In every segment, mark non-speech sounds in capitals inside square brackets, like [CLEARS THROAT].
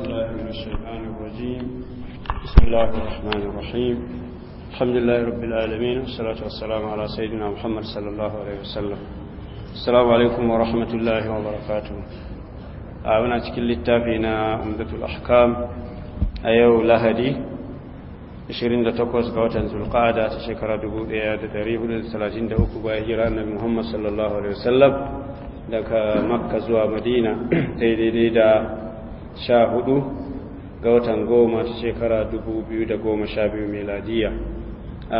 الله من الشيطان الرجيم بسم الله الرحمن الرحيم الحمد لله رب العالمين والصلاة والسلام على سيدنا محمد صلى الله عليه وسلم السلام عليكم ورحمة الله وبركاته أعونا تكل للتابعنا أمدة الأحكام أيو لهدي ishirin da takwas ga watan zulƙada ta shekara dubu ɗaya da ɗari hudu da talatin da uku bayan hira na muhammad sallallahu alaihi wasallam daga makka zuwa madina daidai da sha hudu ga watan goma ta shekara dubu biyu da goma sha biyu meladiya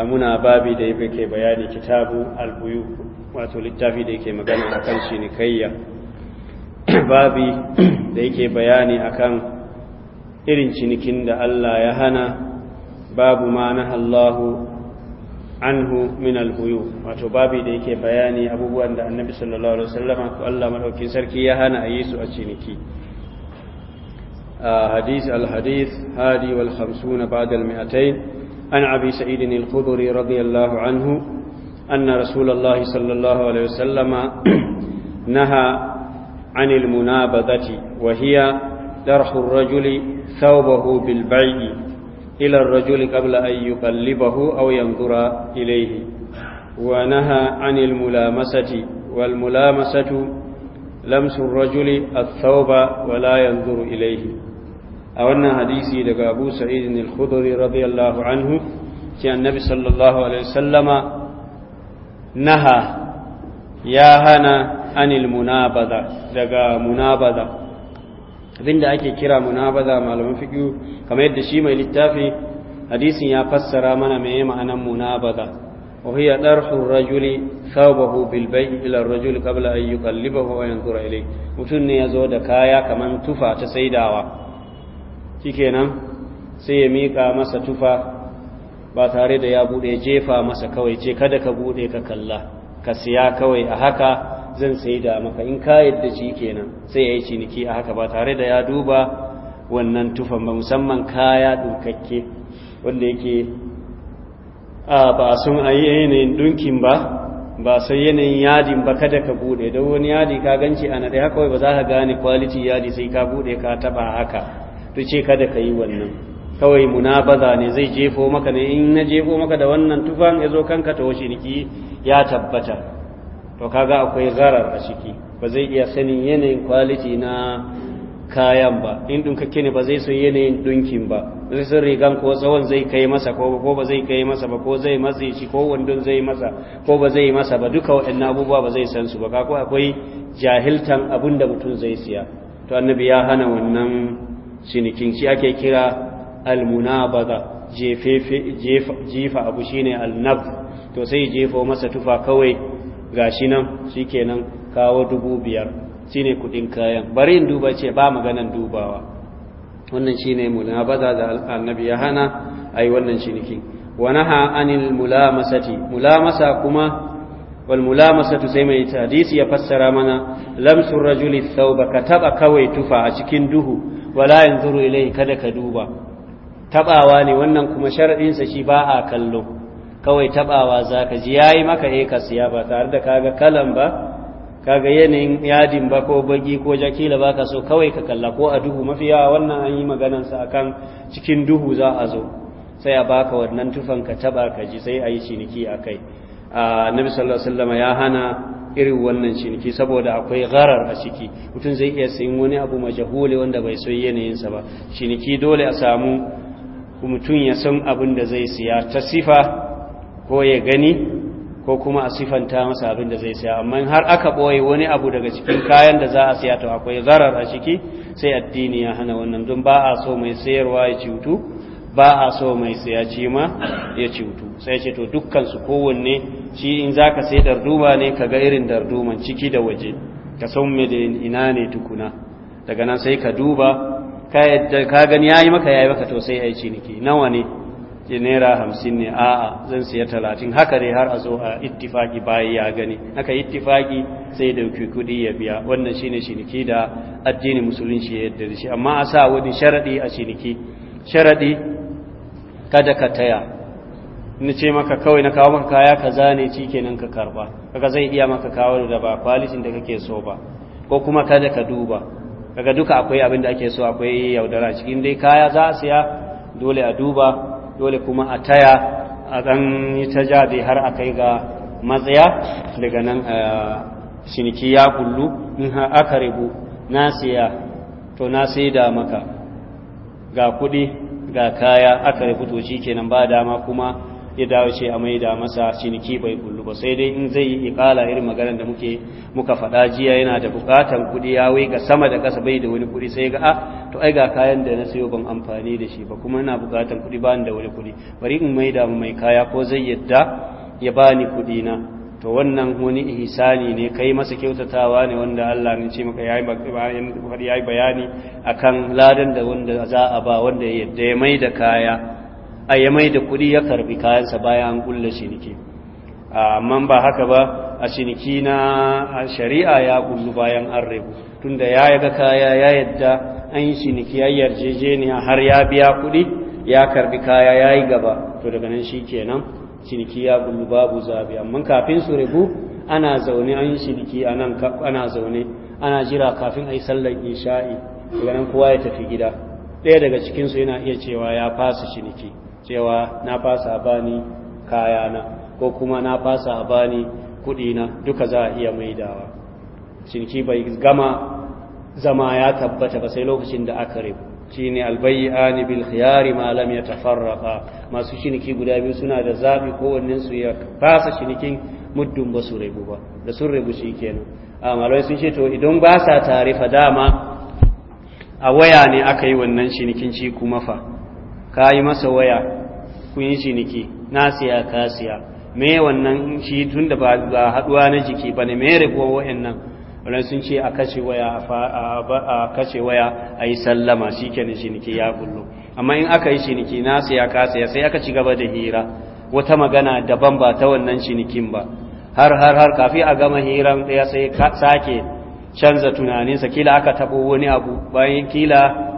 muna babi da yake bayani kitabu albuyu wato littafi da yake magana a kan cinikayya [CLEARS THROAT] babi [CLEARS THROAT] da yake bayani akan irin cinikin da Allah ya hana babu ma na Allahu anhu min albuyu wato babi da yake bayani abubuwan da annabi sallallahu alaihi wasallam ko Allah madaukin sarki ya hana a yi su a ciniki آه، حديث الحديث هادي والخمسون بعد المئتين عن أبي سعيد الخضري رضي الله عنه أن رسول الله صلى الله عليه وسلم [CLEARS THROAT] نهى عن المنابذة وهي درح الرجل ثوبه بالبعي إلى الرجل قبل أن يقلبه أو ينظر إليه ونهى عن الملامسة والملامسة لمس الرجل الثوب ولا ينظر إليه a wannan hadisi daga abu sa'id al-khudri radiyallahu anhu ce annabi sallallahu alaihi wasallama naha ya hana anil munabada daga munabada abinda ake kira munabada malaman fiqh kamar yadda shi mai littafi hadisin ya fassara mana meye ma'anar munabada wa hiya darhu rajuli thawbahu bil bay' ila ar-rajul qabla an yuqallibahu wa yanzura ilayh mutun ne da kaya kaman tufa ta saidawa shikenan sai ya mika masa tufa ba tare da ya bude jefa masa kawai ce kada ka bude ka kalla ka siya kawai a haka zan sai da maka in ka yadda shi kenan sai ya yi ciniki a haka ba tare da ya duba wannan tufan ba musamman kaya ɗunkakke wanda yake a ba sun a yi yanayin dunkin ba ba sai yanayin yadin ba kada ka bude don wani yadi ka ganci ana dai haka ba za ka gane kwaliti yadi sai ka bude ka taba haka to ce kada ka yi wannan kawai munabaza ne zai jefo maka ne in na jefo maka da wannan tufan ya zo kanka ta washe niki ya tabbata to kaga akwai zarar a ciki ba zai iya sanin yanayin kwaliti na kayan ba in dunkakke ne ba zai san yanayin dunkin ba zai san rigan ko tsawon zai kai masa ko ba zai kai masa ba ko zai matse shi ko wandon zai masa ko ba zai masa ba duka waɗannan abubuwa ba zai san su ba kako akwai jahiltan abin mutum zai siya to annabi ya hana wannan cinikin shi ake kira almunabada jefa abu shine alnab to sai jefa masa tufa kawai gashi nan shikenan kawo dubu biyar shine kudin kayan bari in duba ce ba maganan dubawa wannan shine munabada da annabi ya hana ai wannan cinikin wa naha anil mulamasati mulamasa kuma wal mulamasatu sai mai hadisi ya fassara mana lamsu rajuli thawba ka taba kawai tufa a cikin duhu wala yanzuru ilai kada ka duba tabawa ne wannan kuma sharadin shi ba a kallo kawai tabawa zaka ji yayi maka eh ka siya ba tare da kaga kalan ba kaga yanayin yadin ba ko bagi ko jakila ba ka so kawai ka kalla ko a duhu mafiya wannan an yi maganansa kan cikin duhu za a zo sai a baka wannan tufan ka taba ka ji sai a yi ciniki a kai Nabi sallallahu alaihi wasallam ya hana irin wannan ciniki saboda akwai gharar a ciki mutum zai iya sayin wani abu majahuli wanda bai so yinsa ba ciniki dole a samu mutum ya san abin da zai siya ta sifa ko ya gani ko kuma a sifanta masa abin da zai siya amma har aka boye wani abu daga cikin kayan da za a siya to akwai gharar a ciki sai addini ya hana wannan don ba a so mai sayarwa ya ciwutu ba a so mai siya cima ya ciwutu sai ce to dukkan su kowanne shi in za ka sai darduma ne ka ga irin darduman ciki da waje ka san me da ina ne tukuna daga nan sai ka duba ka gani ya yi maka ya yi maka to sai ya ciniki nawa ne hamsin ne a'a zan siya talatin haka dai har a zo a ittifaki bayi ya gani haka ittifaki sai dauki kuɗi ya biya wannan shine ciniki da addinin musulunci ya yadda da shi amma a sa wani sharaɗi a ciniki sharaɗi kada ka taya ni ce maka kawai na kawo maka kaya ka zane ci kenan ka karba kaga zai iya maka kawo da ba kwalitin da kake so ba ko kuma kada ka duba kaga duka akwai abin da ake so akwai yaudara cikin dai kaya za a siya dole a duba dole kuma a taya a dan yi ta ja har a kai ga matsaya daga nan shiniki ya kullu in ha aka rubu na siya to na sai da maka ga kuɗi ga kaya aka rubuto shi kenan ba dama kuma ya dawo ce a maida masa ciniki bai kullu ba sai dai in zai yi ikala irin maganar da muke muka faɗa jiya yana da buƙatar kuɗi ya wai ga sama da ƙasa bai da wani kuɗi sai ga a ah, to ai ga kayan da na sayo ban amfani da shi ba kuma yana buƙatar kuɗi ba da wani kuɗi bari in mai da mai kaya ko zai yadda ya bani kuɗi na to wannan wani ihsani ne kai masa kyautatawa ne wanda Allah ne ce maka yayi bayani akan ladan da wanda za a ba wanda ya yadda ya mai da kaya a ya mai da kuɗi ya karbi kayansa bayan an kulla ciniki amma ba haka ba a ciniki na shari'a ya kullu bayan an rabu tunda ya yaga kaya ya yadda an yi shiniki ya yarjejeniya har ya biya kuɗi ya karbi kaya ya yi gaba to daga nan shi kenan shiniki ya kullu babu zabi amma kafin su rebu ana zaune an yi nan ana zaune ana jira kafin a yi sallar isha'i daga nan kowa ya tafi gida ɗaya daga cikinsu yana iya cewa ya fasa shiniki. cewa na fasa bani kayana ko kuma na fasa bani na duka za a iya maidawa ciniki bai gama zama ya tabbata ba sai lokacin da aka rabu shine albayi bil khiyari malam ya yatafarraqa masu ciniki guda biyu suna da zabi kowannen su ya fasa cinikin muddin ba su rabu ba da sun rabu kenan a malawai sun ce to idan ba sa fa dama a waya ne aka yi wannan cinikin ci kuma fa ka yi masa waya kun yi ciniki na siya ka me wannan shi tun da ba haduwa na jiki ba ne me wa'in nan wannan sun ce a kashe waya a yi sallama shi kenan ciniki ya kullu amma in aka yi ciniki na siya ka sai aka ci gaba da hira wata magana daban ba ta wannan cinikin ba har har har kafi a gama hiran ɗaya sai sake canza tunaninsa kila aka tabo wani abu bayan kila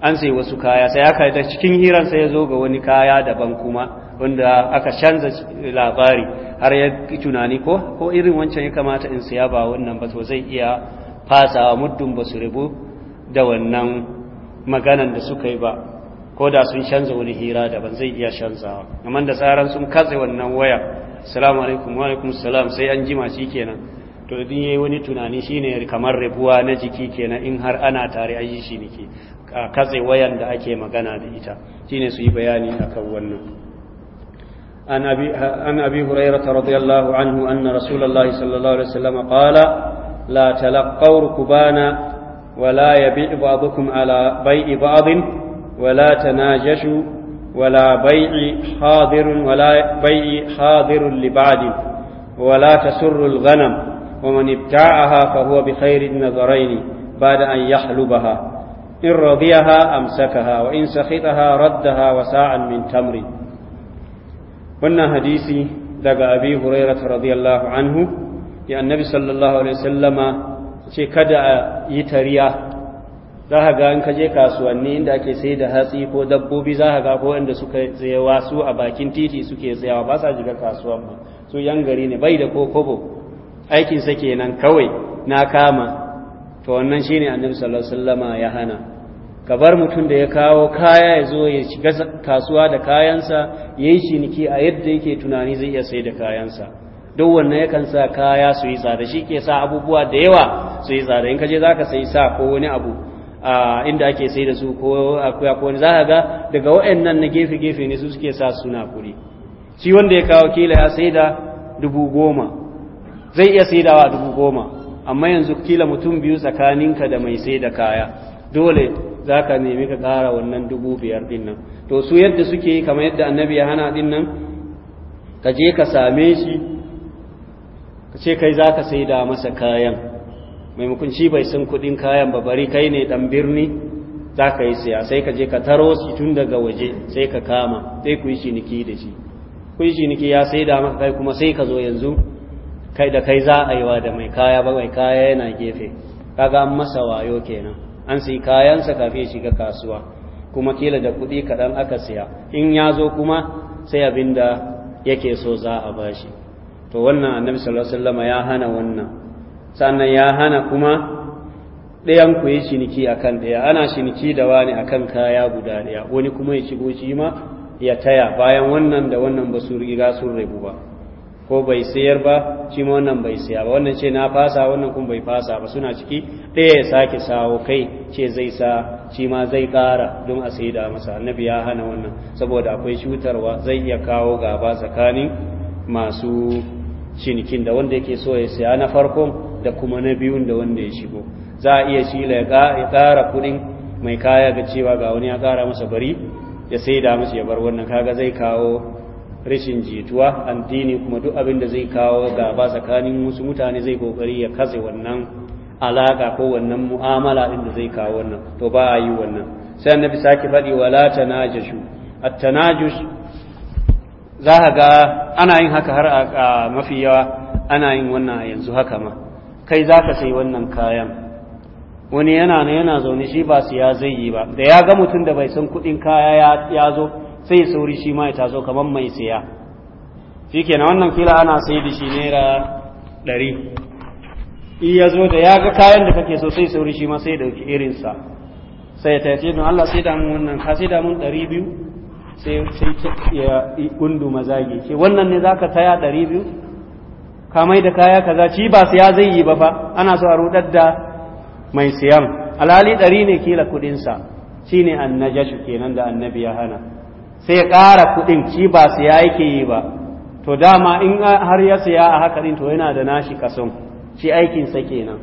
an sai wasu kaya sai aka da cikin hiran sai ya zo ga wani kaya daban kuma wanda aka canza labari har ya tunani ko ko irin wancan ya kamata in siya ba wannan ba to zai iya fasawa muddin ba su rubu da wannan maganan da suka yi ba ko da sun canza wani hira daban zai iya canzawa amma da tsaran sun katse wannan waya assalamu alaikum wa alaikum salam sai an jima shi kenan to idan yayi wani tunani shine kamar rabuwa na jiki kenan in har ana tare ayi shi nake katse wayan da ake magana da ita shine su yi bayani akan wannan an abi an abi hurairah radiyallahu anhu anna rasulullahi sallallahu alaihi wasallam qala la talaqaw rukbana ولا يبيع بعضكم wala بيع بعض ولا تناجشوا ولا بيع حاضر ولا بيع حاضر لبعض ولا تسر الغنم ومن ابتاعها فهو بخير النظرين بعد أن يحلبها in radiyaha amsakaha wa in sakhitaha raddaha wa sa'an min tamri wannan hadisi daga abi huraira radiyallahu anhu ya annabi sallallahu alaihi wasallama ce kada a yi tariya za ka ga in ka je kasuwanni inda ake sai da hatsi ko dabbobi za ka ga ko inda suka tsayawa su a bakin titi suke tsayawa ba sa shiga kasuwan ba su yan gari ne bai da ko kobo aikinsa kenan kawai na kama to wannan shi ne annabi sallallahu alaihi wasallama ya hana ka bar mutum da ya kawo kaya ya zo ya shiga kasuwa da kayansa ya yi ciniki a yadda yake tunani zai iya sai da kayansa duk wannan yakan sa kaya su yi tsada shi ke sa abubuwa da yawa su yi tsada in ka je za ka sai sa ko wani abu a inda ake sai da su ko akuya ko wani za ka ga daga waɗannan na gefe-gefe ne su suke sa suna kuri shi wanda ya kawo kila ya sai da dubu goma zai iya sai dawa dubu goma amma yanzu kila mutum biyu tsakaninka da mai sai da kaya dole za ka nemi ka ƙara wannan dubu biyar ɗin nan to su yadda suke yi kamar yadda annabi ya hana ɗin nan ka je ka same shi ka ce kai za ka sai da masa kayan maimakon shi bai san kuɗin kayan ba bari kai ne dan birni za ka yi siya sai ka je ka taro shi tun daga waje sai ka kama sai ku yi ciniki da shi ku yi ciniki ya sai da maka kai kuma sai ka zo yanzu kai da kai za a yi wa da mai kaya ba mai kaya yana gefe kaga an masa wayo kenan an sai kayansa kafin shiga kasuwa kuma kila da kuɗi kaɗan aka siya in ya zo kuma sai abin da yake so za a shi. to wannan annabi sallallahu alaihi wasallam ya hana wannan sannan ya hana kuma ɗayan ku yi ciniki akan ɗaya ana ciniki da wani akan kaya guda ɗaya wani kuma ya shigo shi ma ya taya bayan wannan da wannan ba su riga sun rabu ba ko bai sayar ba shi ma wannan bai saya ba wannan ce na fasa wannan kuma bai fasa ba suna ciki ɗaya ya sake sawo kai ce zai sa shi ma zai ƙara don a sai da masa annabi ya hana wannan saboda akwai cutarwa zai iya kawo gaba tsakanin masu cinikin da wanda yake so ya saya na farko da kuma na biyun da wanda ya shigo za a iya shila ya ƙara kuɗin mai kaya ga cewa ga wani ya ƙara masa bari ya sai da masa ya bar wannan kaga zai kawo rashin jituwa addini kuma duk abin da zai kawo gaba tsakanin musu mutane zai kokari ya kaze wannan alaka ko wannan mu'amala din da zai kawo wannan to ba a yi wannan sai annabi saki faɗi wala tanajashu at-tanajus za ka ga ana yin haka har a mafi yawa ana yin wannan a yanzu haka ma kai za ka sai wannan kayan wani yana ne yana zaune shi ba su ya zai yi ba da ya ga mutum da bai san kuɗin kaya ya zo sai sauri shi ma ya taso kamar mai siya shi kenan wannan fila ana sai da shi naira ɗari in ya zo da ya ga kayan da kake so sai sauri shi ma sai ya ɗauki irinsa sai ya tafi don Allah sai damun mun wannan ka sai damun mun ɗari biyu sai ya gundu mazage ce wannan ne za ka taya ɗari biyu ka mai da kaya kaza ci ba siya zai yi ba fa ana so a rudar da mai siyan alhali ɗari ne kila kuɗinsa shine annajashu kenan da annabi ya hana sai ƙara kuɗin shi ba su ya yake yi ba to dama in har ya siya a haka ɗin to yana da nashi kason shi aikinsa kenan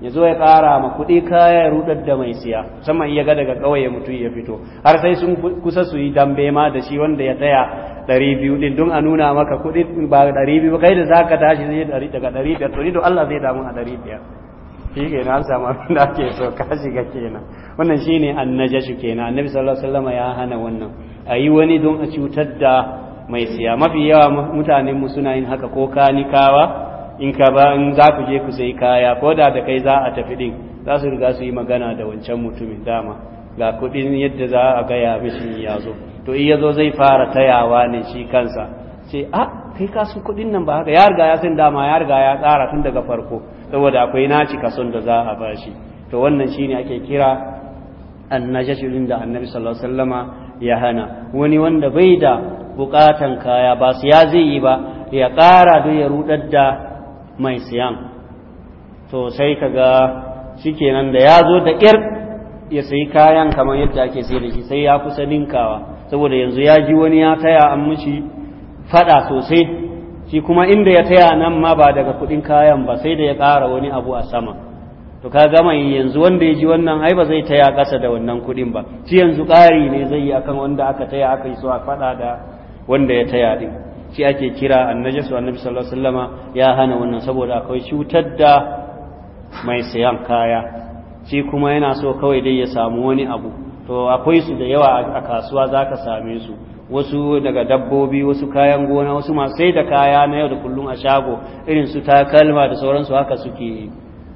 ya zo ya ƙara ma kuɗi kaya ya rudar da mai siya musamman iya ga daga ƙauye mutum ya fito har sai sun kusa su yi dambe ma da shi wanda ya tsaya ɗari biyu ɗin don a nuna maka kuɗi ba ɗari biyu kai da za ka tashi zai daga ɗari biyar to ni don Allah zai damu a ɗari biyar shi kenan an samu abin da ake so ka shiga kenan wannan shine annajashu kenan annabi sallallahu alaihi wasallam ya hana wannan a yi wani don a cutar da mai siya mafi yawa mutanen mu suna yin haka ko kanikawa in ka ba in za ku je ku sai kaya ko da da kai za a tafi din za su riga su yi magana da wancan mutumin dama ga kuɗin yadda za a gaya mishi ya zo to in ya zo zai fara tayawa ne shi kansa ce a ah, kai su kuɗin nan ba haka ya riga ya san dama ya riga ya tsara tun daga farko saboda akwai naci kason da za a bashi to wannan shine ake kira annajashirin da annabi sallallahu alaihi wasallama ya hana wani wanda bai da bukatan kaya ba su ya zai yi ba ya kara don ya rudar da mai siyan to sai ka ga shi nan da ya zo da ƙir ya sayi kayan kamar yadda ake sai da shi sai ya kusa ninkawa saboda yanzu ya ji wani ya taya an mishi fada sosai shi kuma inda ya taya nan ma ba daga kuɗin kayan ba sai da ya kara wani abu a sama to ka gama yanzu wanda ya ji wannan ai ba zai taya ƙasa da wannan kuɗin ba shi yanzu ƙari ne zai yi akan wanda aka taya aka yi suwa a faɗa da wanda ya taya din. shi ake kira annabi sallallahu alaihi wasallam ya hana wannan saboda akwai cutar da mai sayan kaya shi kuma yana so kawai dai ya samu wani abu to akwai su da yawa a kasuwa zaka same su wasu daga dabbobi wasu kayan gona wasu masu sai da kaya na yau da kullum a shago irin su takalma da sauransu haka suke yi.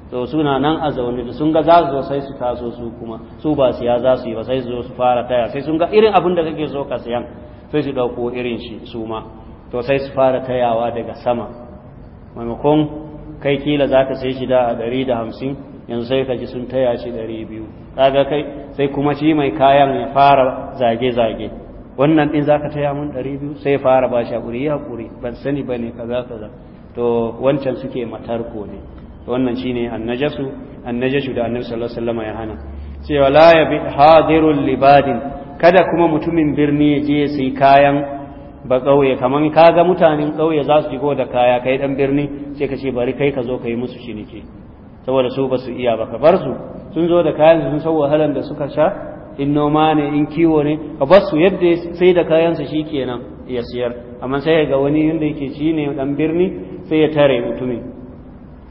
to suna nan a zaune da sun ga za su zo sai su taso su kuma su ba siya za su yi ba sai su zo su fara taya sai sun ga irin abin da kake so ka siyan sai su dauko irin shi su ma to sai su fara tayawa daga sama maimakon kai kila za ka sai shi da a ɗari da hamsin yanzu sai ka ji sun taya shi ɗari biyu kaga kai sai kuma shi mai kayan ya fara zage-zage wannan ɗin zaka taya mun ɗari biyu sai fara ba shi haƙuri yi haƙuri ban sani ba ne kaza kaza to wancan suke matarko ne wannan shine annajasu annajashu da annabi sallallahu alaihi wasallam ya hana cewa la bi hadirul libadin kada kuma mutumin birni ya je sai kayan ba kauye kaman kaga mutanen kauye za su shigo da kaya kai dan birni sai ka ce bari kai ka zo ka yi musu ciniki saboda su ba su iya ba ka bar su sun zo da kayan sun san wahalan da suka sha in noma ne in kiwo ne ka bar su yadda sai da kayansa shi kenan ya siyar amma sai ga wani yadda yake shine ne dan birni sai ya tare mutumin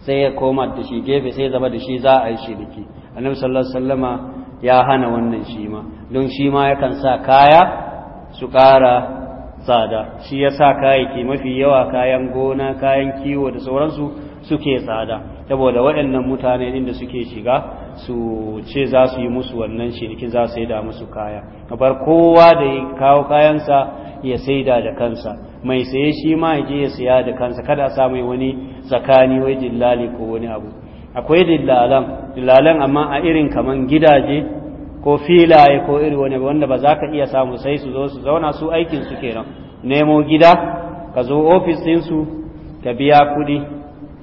sai ya koma da shi gefe sai zama da shi za a yi shiriki annabi sallallahu alaihi wasallama ya hana wannan shi ma don shi ma yakan sa kaya su ƙara tsada shi ya sa kayayyaki mafi yawa kayan gona kayan kiwo da sauransu suke tsada saboda waɗannan mutane inda suke shiga su ce za su yi musu wannan shirki za su da musu kaya kabar kowa da ya kawo kayansa ya saida da kansa mai saye shi ma ya je ya siya da kansa kada a sa mai wani tsakani wai dillali ko wani abu akwai dillalan dillalan amma a irin kaman gidaje ko filaye ko iri wani wanda ba za ka iya samu sai su zo su zauna su aikin su kenan nemo gida ka zo ofis din su ka biya kuɗi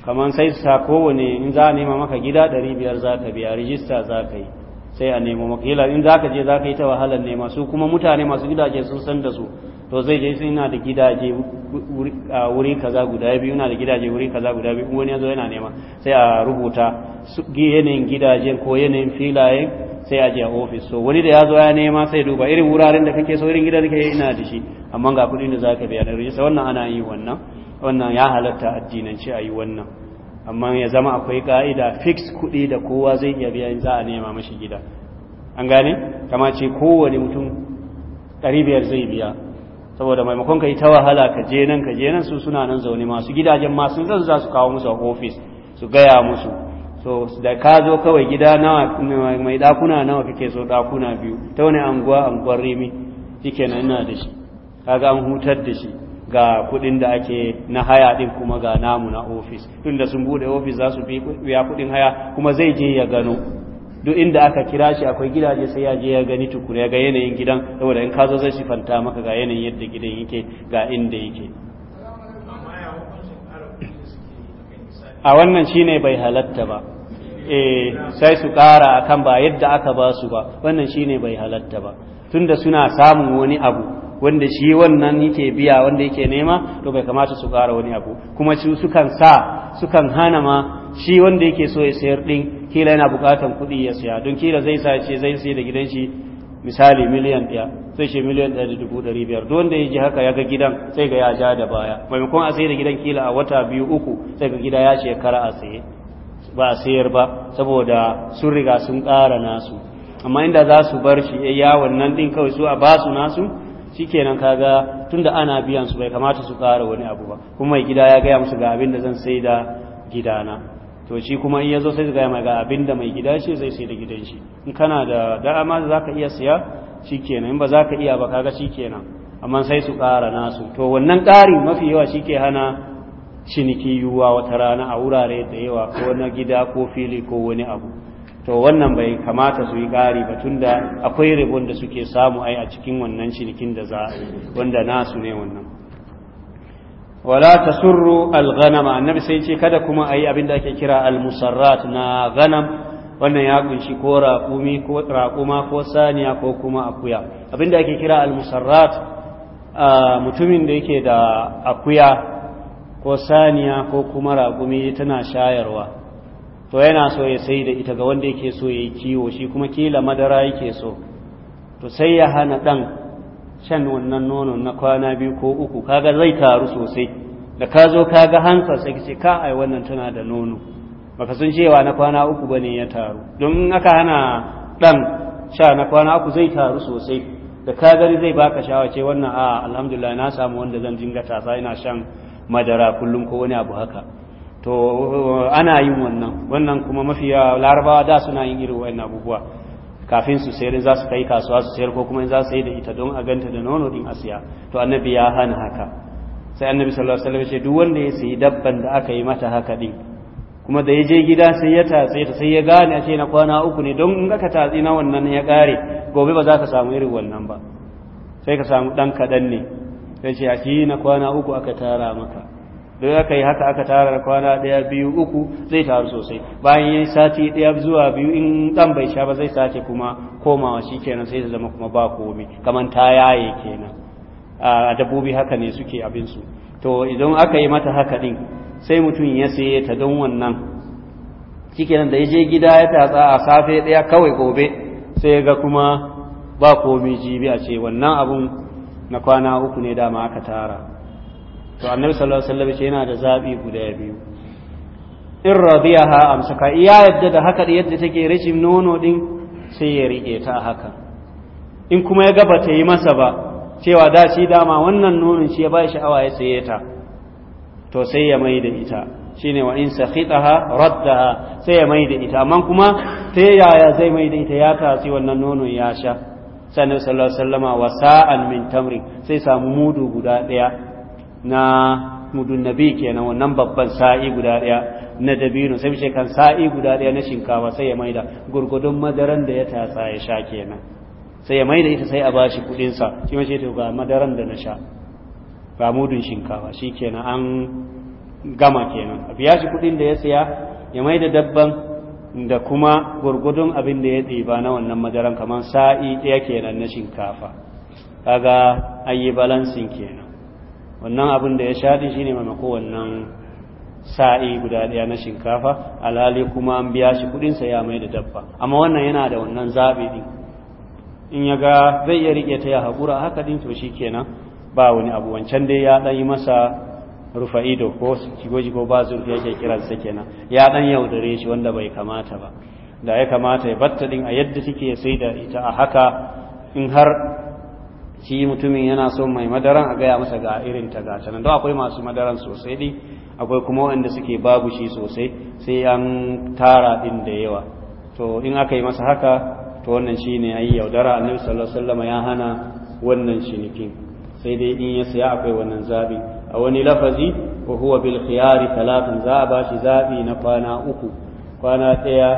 kaman sai su sa kowane in za a nema maka gida ɗari biyar za ka biya rijista za ka yi sai a nemo makila in za ka je za ka yi ta wahalar nema su kuma mutane masu gidaje sun san da su to zai je sun yana da gidaje wuri kaza guda biyu ina da gidaje wuri kaza guda biyu wani yazo yana nema sai a rubuta yanayin gidajen ko yanayin filayen sai a je a ofis so wani da ya zo ya nema sai duba irin wuraren da kake so irin gidan da kake ina da shi amma ga kuɗin da za ka biya na rijista wannan ana yi wannan wannan ya halatta addinance a yi wannan amma ya zama akwai ka'ida fix kuɗi da kowa zai iya biya za a nema mashi gida an gane kama ce kowane mutum 500 zai biya saboda maimakon ka yi ta wahala ka je nan ka je nan su suna nan zaune masu gidajen masu zan za su kawo musu a ofis su gaya musu so da ka zo kawai gida nawa mai dakuna nawa kake so dakuna biyu ta wani anguwa anguwar rimi na ina da shi Ka ga an hutar da shi ga kudin da ake na haya din kuma ga namu na ofis tun da sun bude ofis za su biya kudin haya kuma zai je ya gano duk inda aka kira shi akwai gidaje sai ya je ya gani tukuru ya ga yanayin gidan saboda in ka zo zai fanta maka ga yanayin yadda gidan yake ga inda yake a wannan shine bai halatta ba e sai su kara akan ba yadda aka ba su ba wannan shine bai halatta ba tunda suna samun wani abu wanda shi wannan yake biya wanda yake nema to bai kamata su kara wani abu kuma su sukan sa sukan hana ma shi wanda yake so ya sayar din kila yana buƙatan kuɗi ya siya don kila zai sa ce zai sayar da gidan shi misali miliyan ɗaya sai shi miliyan ɗaya da dubu ya ji haka ya ga gidan sai ga ya ja da baya maimakon a sayar da gidan kila a wata biyu uku sai ga gida ya shekara a saye ba a sayar ba saboda sun riga sun kara nasu amma inda za su bar shi ya wannan din kawai su a basu nasu shikenan kaga tunda ana biyan su bai kamata su kara wani abu ba kuma mai gida ya gaya musu ga abin da zan sai da gidana to shi kuma in yazo sai ga mai ga abin da mai gida shi zai sai da gidan shi in kana da dama ka iya siya shikenan in ba za ka iya ba kaga shikenan amma sai su kara nasu to wannan ƙari mafi yawa shike hana ciniki yuwa wata rana a wurare da yawa ko na gida ko fili ko wani abu to wannan bai kamata su yi ƙari ba tunda akwai ribon da suke samu ai a cikin wannan cinikin da za wanda nasu ne wannan wala tasurru alghanama annabi sai ce kada kuma ayi abin da ake kira almusarrat na ghanam wannan ya kunshi ko raƙumi ko raquma ko saniya ko kuma akuya abin da ake kira almusarrat mutumin da yake da akuya ko saniya ko kuma raƙumi tana shayarwa to yana so ya sai da ita ga wanda yake so ya yi kiwo shi kuma kila madara yake so to sai ya hana ɗan shan wannan nonon na kwana biyu ko uku kaga zai taru sosai da ka zo kaga hansa sai ce ka ai wannan tana da nono baka sun cewa na kwana uku bane ya taru don in aka hana ɗan sha na kwana uku zai taru sosai da ka gani zai baka shawa ce wannan a alhamdulillah na samu wanda zan dinga tasa ina shan madara kullum ko wani abu haka to ana yin wannan wannan kuma mafiya larabawa da suna yin irin wayan abubuwa kafin su sayar za su kai kasuwa su sayar ko kuma za su sayar da ita don a ganta da nono din asiya to annabi ya hana haka sai annabi sallallahu alaihi wasallam ya ce duk wanda ya sayi dabban da aka yi mata haka din kuma da ya je gida sai ya tatse ta sai ya gane a ce na kwana uku ne don in aka tatsi na wannan ya kare gobe ba za ka samu irin wannan ba sai ka samu dan kadan ne sai ce a na kwana uku aka tara maka don haka yi haka aka tara kwana ɗaya biyu uku zai taru sosai bayan yi sati ɗaya zuwa biyu in ɗan bai sha ba zai sace kuma komawa shi kenan sai ta zama kuma ba komi kamar ta yaye kenan a dabbobi haka ne suke abinsu to idan aka yi mata haka ɗin sai mutum ya saye ta don wannan shi da ya je gida ya tatsa a safe ɗaya kawai gobe sai ga kuma ba komi jibi a ce wannan abun na kwana uku ne dama aka tara to annabi sallallahu alaihi wasallam yana da zabi guda biyu in radiyaha amsaka iya yadda da haka da yadda take rashin nono din sai ya rike ta haka in kuma ya gaba ta yi masa ba cewa da shi dama wannan nonon shi ya ba sha'awa ya saye ta to sai ya mai da ita shine wa in sakhitaha raddaha sai ya mai da ita amma kuma ta yaya zai mai da ita ya kasi wannan nonon ya sha sannan sallallahu alaihi wasallama wasa'an min tamri sai samu mudu guda daya na mudun nabi kenan wannan babban sa'i guda daya na dabino sai mace kan sa'i guda daya na shinkawa sai ya maida gurgudun madaran da ya tatsa ya sha kenan sai ya maida ita sai a bashi kudin sa shi mace to ga madaran da na sha ga mudun shinkawa shikenan an gama kenan a biya shi kudin da ya siya ya maida dabban da kuma gurgudun abin da ya ba na wannan madaran kamar sa'i ɗaya kenan na shinkafa kaga ayi balansin kenan wannan abin da ya shaɗi shi ne maimako wannan sa'i guda ɗaya na shinkafa alhali kuma an biya shi kuɗinsa ya mai da dabba amma wannan yana da wannan zaɓi ɗin in ya ga zai iya riƙe ta ya haƙura haka ɗin to shi kenan ba wani abu wancan dai ya ɗan yi masa rufa ido ko shigoji ko ba su rufe yake kiransa kenan ya ɗan yaudare shi wanda bai kamata ba da ya kamata ya batta ɗin a yadda take sai da ita a haka in har shi mutumin yana so mai madaran a gaya masa ga irin ta ga nan don akwai masu madaran sosai ne akwai kuma waɗanda suke babu shi sosai sai an tara ɗin da yawa to in aka yi masa haka to wannan shi ne ayi yaudara annabi sallallahu alaihi ya hana wannan shinikin sai dai in ya saya akwai wannan zabi a wani lafazi wa huwa bil khiyari talatin za a bashi zabi na kwana uku kwana ɗaya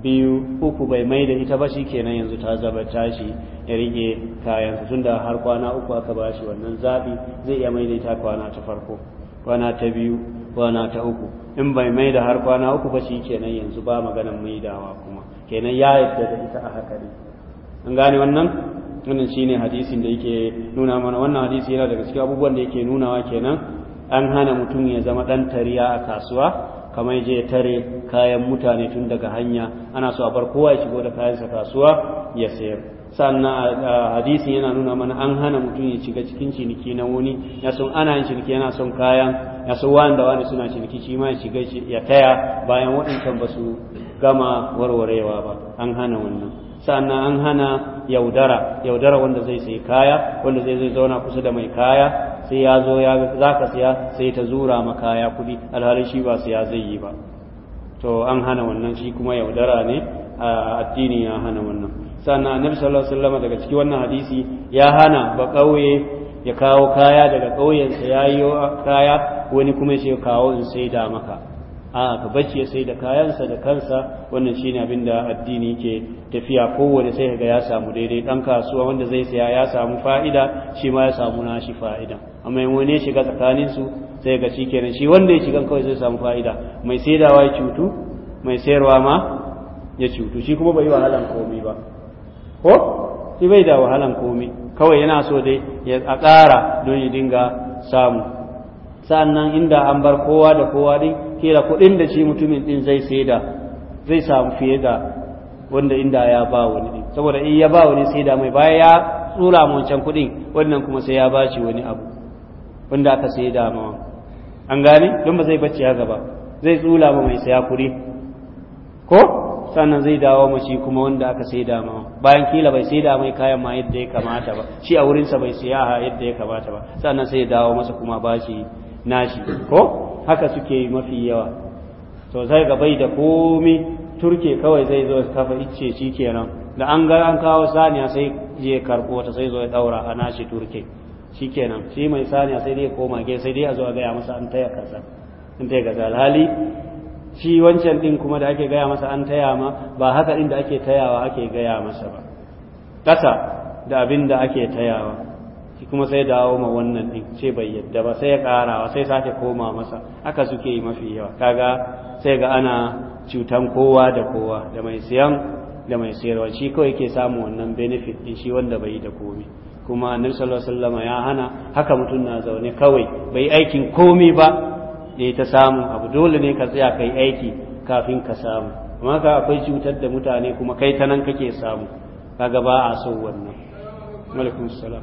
biyu uku bai mai da ita ba shi kenan yanzu ta zaba tashi ya rige kayansa tunda har kwana uku aka ba shi wannan zaɓi zai iya maidaita kwana ta farko kwana ta biyu kwana ta uku in bai mai da har kwana uku ba shi kenan yanzu ba maganan maidawa kuma kenan ya yadda da ita a hakari an gane wannan wannan shine hadisin da yake nuna mana wannan hadisi yana daga cikin abubuwan da yake nunawa kenan an hana mutum ya zama dan tariya a kasuwa kamar je tare kayan mutane tun daga hanya ana so a bar kowa ya shigo da kayansa kasuwa ya sayar sannan hadisin yana nuna mana an hana mutum ya shiga cikin ciniki na wani ya sun ana yin ciniki yana son kayan ya sun wani da wani suna ciniki shi ma ya shiga ya taya bayan waɗancan ba su gama warwarewa ba an hana wannan sannan an hana yaudara yaudara wanda zai sai kaya wanda zai zai zauna kusa da mai kaya sai ya zo ya za ka siya sai ta zura ma kaya kuɗi alhalin shi ba siya zai yi ba to an hana wannan shi kuma yaudara ne a addini ya hana wannan sannan annabi sallallahu alaihi wasallam daga cikin wannan hadisi ya hana ba kauye ya kawo kaya daga kauyensa ya yi kaya wani kuma ya kawo in sai da maka a ka bace ya sai da kayansa da kansa wannan shine abin da addini ke tafiya kowanne sai ga ya samu daidai dan kasuwa wanda zai saya ya samu fa'ida shi ma ya samu nashi fa'ida amma in wani ya shiga tsakanin su sai ga shikenan shi wanda ya shiga kawai zai samu fa'ida mai saidawa ya cutu mai sayarwa ma ya cutu shi kuma bai yi wahalan komai ba ko shi bai da wahalan komi kawai yana so dai ya tsara don yi dinga samu sannan inda an bar kowa da kowa din kira kuɗin da shi mutumin din zai saida zai samu fiye da wanda inda ya ba wani din saboda in ya ba wani saida mai baya ya tsura mu wancan kuɗin wannan kuma sai ya ba shi wani abu wanda aka saida ma an gane don ba zai bacci ya gaba zai tsula ma mai saya kuɗi ko sannan zai dawo ma shi kuma wanda aka saida ma bayan kila bai saida mai kayan ma yadda ya kamata ba shi a wurinsa bai siya ha yadda ya kamata ba sannan sai ya dawo masa kuma bashi nashi ko haka suke mafi yawa to zai ga bai da komi turke kawai zai zo kafa icce shi kenan da an ga an kawo saniya sai je karbo ta sai zo ya daura a nashi turke shi kenan shi mai saniya sai dai koma ge sai dai a zo a gaya masa an taya kaza an taya kaza alhali shi wancan din kuma da ake gaya masa an taya ma ba haka din da ake tayawa ake gaya masa ba kasa da abin da ake tayawa shi kuma sai dawo ma wannan din ce bai yadda ba sai ya ƙarawa sai sake koma masa haka suke yi mafi yawa kaga sai ga ana cutan kowa da kowa da mai siyan da mai sayarwa shi kawai ke samu wannan benefit din shi wanda bai yi da komai kuma annabi sallallahu alaihi wasallam ya hana haka mutum na zaune kawai bai aikin komai ba e ta samu abu dole ne ka tsaya yi aiki kafin ka samu amma ka akwai cutar da mutane kuma kai ta nan kake samu kaga ba a so wannan salam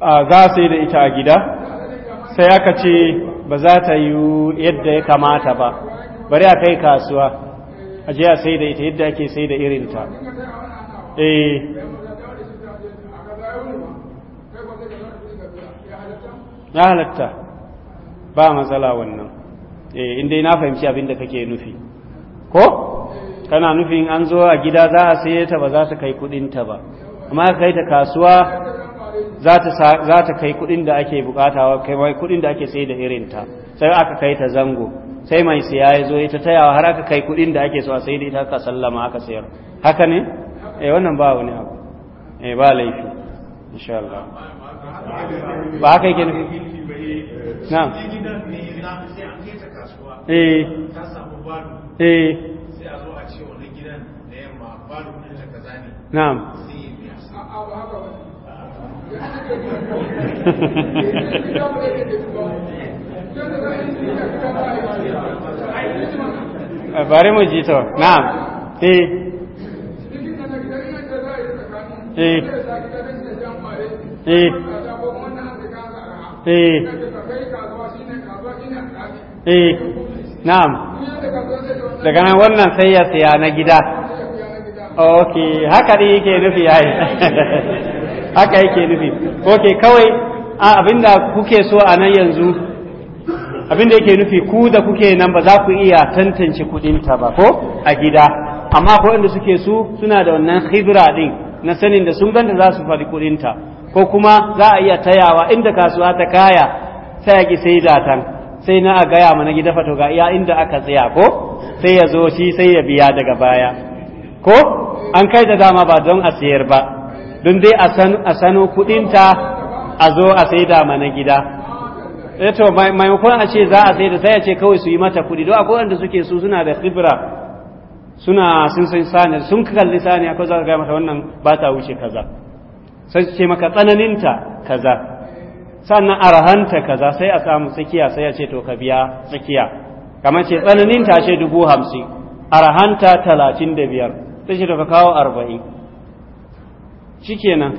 a za su yi da ita a gida sai aka ce ba za ta yi yadda ya kamata ba bari a kai kasuwa a jiya sai da ita yadda ake sai da irinta eh na halatta ba matsala wannan eh inda na fahimci abin da kake nufi ko tana nufin an zo a gida za a saye ta ba za ta kai kudinta ba amma ka kai ta kasuwa za ta kai kudin da ake bukata kai kudin da ake sai da ta sai aka kai ta zango sai mai siya ya zo ita yawa har aka kai kudin da ake so a sai da ita aka sallama aka sayar haka ne eh wannan ba wani abu eh ba laifi insha Allah ba haka yake ne na'am eh eh na'am eh, bari mu ji to na'am eh eh eh eh eh na'am daga nan wannan sai ya siya na gida ok haka ne yake nufi yayi haka yake nufi ok kawai abinda kuke so a nan yanzu abinda yake nufi ku da kuke nan ba za ku iya tantance kudinta ba ko a gida amma ko inda suke su suna da wannan hibira din na sanin da sun ganta za su fari kudinta ko kuma za a iya tayawa inda kasuwa ta kaya sai a ki sai datan sai na a gaya mana gida fato ga iya inda aka tsaya ko sai ya zo shi sai ya biya daga baya ko an kai da dama ba don a siyar ba don dai a sano kudinta a zo a sai da mana gida eh to maimakon a ce za a sai da sai a ce kawai su yi mata kudi don akwai wanda suke su suna da khibra suna sun san sani sun kalli sani akwai za ka gaya mata wannan ba ta wuce kaza sai ce maka tsananinta kaza sannan arahanta kaza sai a samu tsakiya sai a ce to ka biya tsakiya kamar ce tsananinta ce dubu hamsin arahanta talatin da biyar sai shi daga kawo arba'in kenan,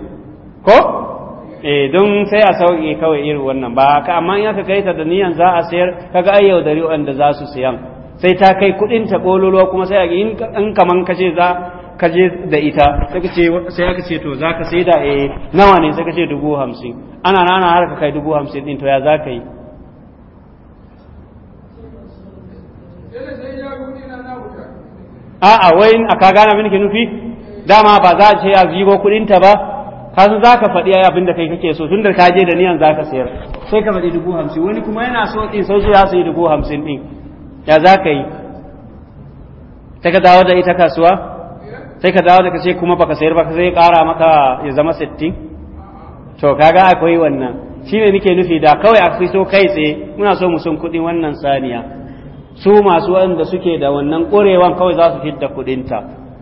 ko eh don sai a sauƙi kawai irin wannan ba ka amma in aka kai ta da niyan za a sayar kaga ai yaudari wanda za su siyan sai ta kai kudin ta ƙololuwa kuma sai in kaman kace za ka je da ita sai aka ce to za ka sai da eh nawa ne sai ka ce dubu hamsin ana nana har ka kai dubu hamsin din to ya za ka yi a'a wai a ka gane abin da ke nufi dama ba za a ce a zibo kuɗin ta ba ka san zaka faɗi ai abin da kai kake so tunda ka je da niyan zaka sayar sai ka faɗi dubu hamsin wani kuma yana so din sai ya sayi dubu hamsin din ya za ka yi Ta ka dawo da ita kasuwa sai ka dawo da ka ce kuma baka sayar ba sai ƙara maka ya zama sittin to kaga akwai wannan shine nake nufi da kawai a fito kai tsaye muna so mu sun kuɗin wannan saniya su masu wanda suke da wannan ƙorewan kawai za su fidda kuɗinta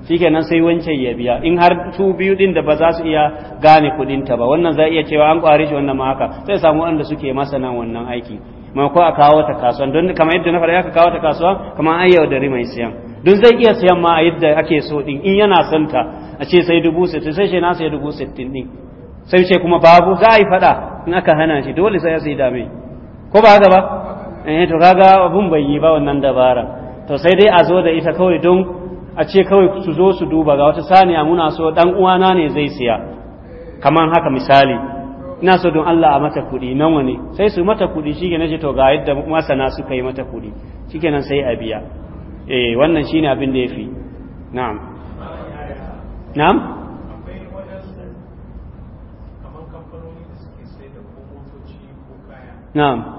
shikenan sai wancan ya biya in har su biyu din da ba za su iya gane kuɗinta ba wannan za iya cewa an ƙware shi wannan ma haka sai samu wanda suke masana wannan aiki maimako a kawo ta kasuwan don kamar yadda na faɗa ya kawo ta kasuwa kamar an yaudari mai siyan don zai iya siyan ma a yadda ake so din in yana santa ta a ce sai dubu sittin sai shi na sai dubu sittin din sai ce kuma babu za a yi faɗa in aka hana shi dole sai ya sai dame ko ba haka ba eh to kaga abun bai yi ba wannan dabara to sai dai a zo da ita kawai don a ce kawai su zo su duba ga wata saniya muna so dan uwana ne zai siya kaman haka misali ina so don Allah a mata kuɗi nan wani sai su mata kuɗi shi na ce to ga yadda masana suka yi mata kuɗi shikenan sai a biya eh wannan shine abin da yafi na'am na'am naam.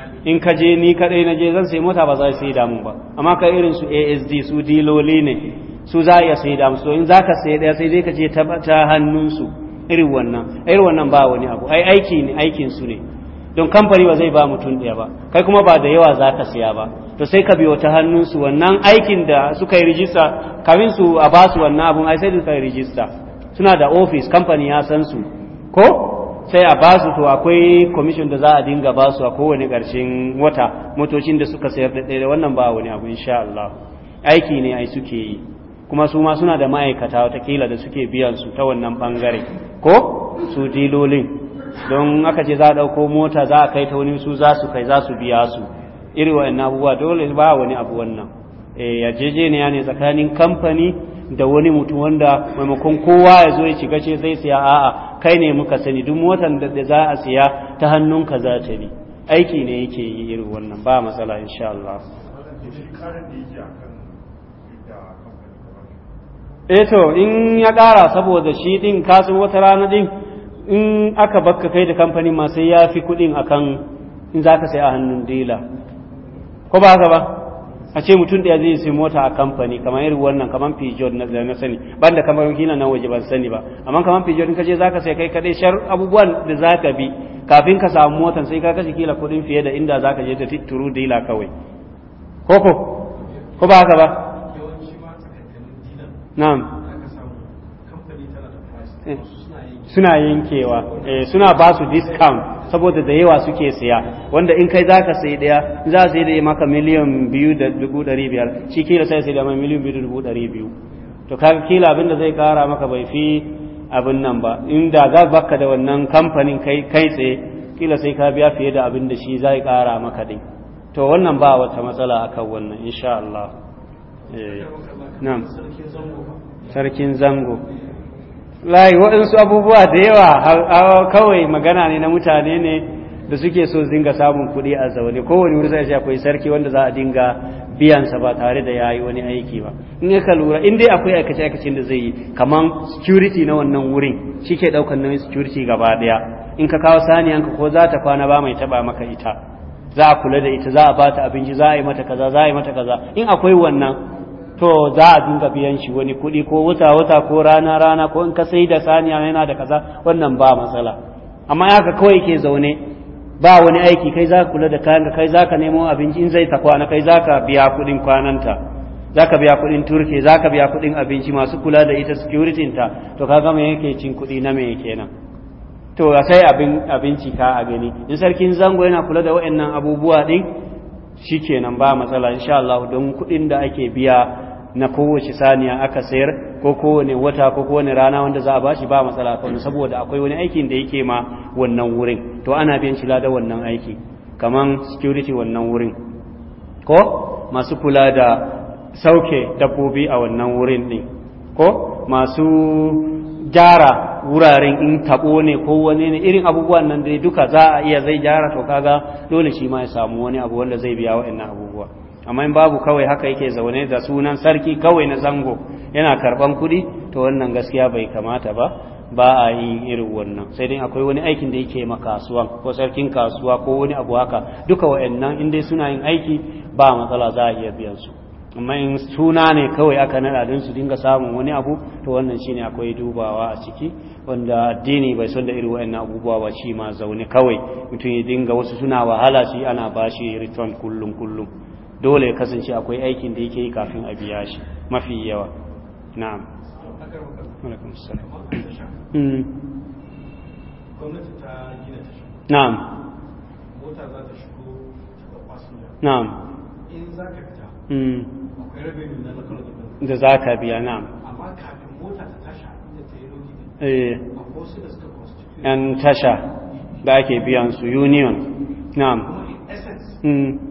in ka je ni kaɗai na je zan sai mota ba za su yi damu ba amma ka irin su asd su diloli ne su za a iya sai damu so in za ka sai daya sai dai ka je ta hannunsu irin wannan irin wannan ba wani abu ai aiki ne aikin su ne don kamfani ba zai ba mutum ɗaya ba kai kuma ba da yawa za ka siya ba to sai ka biyo ta hannunsu wannan aikin da suka yi rijista kafin su a ba su wannan abun ai sai suka yi rijista suna da ofis kamfani ya san su ko sai a basu to akwai commission da za a dinga basu a kowane ƙarshen wata motocin da suka sayar da ɗaya wannan ba wani abu insha Allah aiki ne ai suke yi kuma su ma suna da ma'aikata watakila da suke biyan su ta wannan bangare ko su dilolin don aka ce za a ɗauko mota za a kai ta wani su za su kai za su biya su irin wa'annan abubuwa dole ba wani abu wannan Eh, yajejeniya ne tsakanin kamfani da wani mutum wanda maimakon kowa ya zo ya shiga ce zai siya a'a kai ne muka sani duk motar da za a siya ta hannunka za ta bi aiki ne yake yi irin wannan ba matsala insha Allah eto eh, in ya kara saboda shi ɗin kasu wata rana din in aka bakka kai da kamfanin ma sai ya fi kuɗin akan in za ka sai a hannun dila ko ba haka ba a ce mutum ɗaya zai sai mota a kamfani kamar irin wannan kamar pijot na da na sani ban da kamar kina nan waje ban sani ba amma kamar pijot in ka je zaka sai kai kadai shar abubuwan da zaka bi kafin ka samu motan sai ka kashe kila kudin fiye da inda zaka je ta turu dila kawai koko ko ba haka ba na'am eh. suna yankewa eh, suna ba su discount saboda da yawa suke siya wanda in kai zaka sai daya za sai da maka miliyan biyu da dubu biyar shi kila sai sai da miliyan biyu da dubu biyu to kaga kila abin da zai kara maka bai fi abin nan ba inda za baka da wannan kamfanin kai kai tsaye kila sai ka biya fiye da abin da shi zai kara maka din to wannan ba wata matsala akan wannan insha Allah eh na'am sarkin zango layi waɗansu abubuwa da yawa kawai magana ne na mutane ne da suke so dinga samun kuɗi a zaune kowane wuri shi akwai sarki wanda za a dinga biyansa ba tare da ya yi wani aiki ba in ka lura in dai akwai aikace aikacin da zai yi kamar security na wannan wurin shi shike ɗaukar nauyin security gaba daya in ka kawo saniyanka ko za ta kwana ba mai taba maka ita za a kula da ita za a ba ta abinci za a yi mata kaza za a yi mata kaza in akwai wannan to za a dinga biyan shi wani kuɗi ko wuta wuta ko rana rana ko in ka sai da saniya yana da kaza wannan ba matsala amma haka kawai ke zaune ba wani aiki kai za ka kula da kayan kai za ka nemo abinci in zai ta kwana kai za ka biya kuɗin kwananta za ka biya kuɗin turke za ka biya kuɗin abinci masu kula da ita security ta to ka gama yake cin kuɗi na me kenan to sai abin abinci ka a gani in sarkin zango yana kula da waɗannan abubuwa din shikenan ba matsala insha Allah don kuɗin da ake biya na kowace saniya aka sayar ko kowane wata ko kowane rana wanda za a shi ba matsala kawai saboda akwai wani aikin da yake ma wannan wurin to ana biyan shi lada wannan aiki kaman security wannan wurin ko masu kula da sauke dabbobi a wannan wurin din ko masu gyara wuraren in tabo ne ko wani ne irin abubuwan nan dai duka za a iya zai gyara to kaga dole shi ma ya samu wani abu wanda zai biya wa'annan abubuwa amma in babu kawai haka yake zaune da sunan sarki kawai na zango yana karban kuɗi to wannan gaskiya bai kamata ba ba a yi irin wannan sai dai akwai wani aikin da yake ma kasuwa ko sarkin kasuwa ko wani abu haka duka wa'annan in dai suna yin aiki ba matsala za a iya biyan su amma in suna ne kawai aka nada don su dinga samun wani abu to wannan shine akwai dubawa a ciki wanda addini bai son da irin wa'annan abubuwa ba shi ma zaune kawai mutum ya dinga wasu suna wahala shi ana bashi return kullum kullum dole ya kasance akwai aikin da yake yi kafin a biya shi mafi yawa na'am hmm. na'am na'am hmm. da za ka biya na'am amma kafin mota ta tasha da ta yi eh da suka constitute yan tasha da ake biyan su union na'am essence hmm.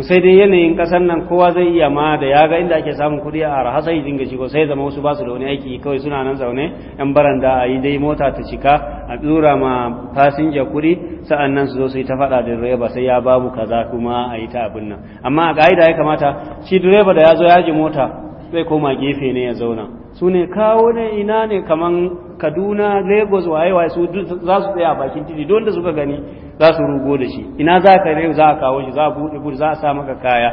sai dai yanayin kasar nan kowa zai iya ma da ya ga inda ake samun kuɗi a arha sai dinga shigo sai zama wasu basu da wani aiki kawai suna nan zaune yan baranda a yi dai mota ta cika a ɗura ma fasinja kuɗi sa'an nan su zo su yi ta faɗa da direba sai ya babu kaza kuma a yi ta abin nan amma a ƙa'ida ya kamata shi direba da ya zo ya ji mota zai koma gefe ne ya zauna su ne kawo ne ina ne kaman kaduna lagos waye waye su za su tsaye a bakin titi don da suka gani za su rugo da shi ina za ka ne za a kawo shi za a buɗe buɗe za a sa maka kaya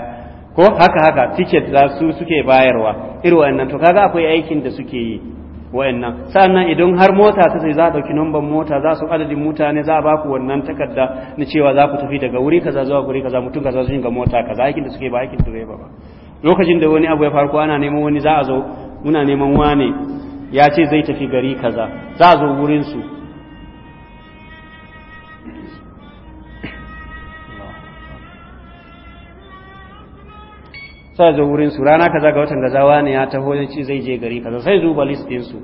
ko haka haka ticket za su suke bayarwa irin wayannan to kaga akwai aikin da suke yi wayannan sannan idan har mota ta sai za a dauki numban mota za su adadin mutane za a baku wannan takarda na cewa za ku tafi daga wuri kaza zuwa wuri kaza mutum kaza su ga mota kaza aikin da suke ba aikin da ba lokacin da wani abu ya farko ana neman wani za a zo muna neman wane ya ce zai tafi gari kaza za a zo wurinsu sai zo wurinsu rana kaza ga watan gazawa ne ya taho ya ce zai je gari kaza sai zuba list ɗinsu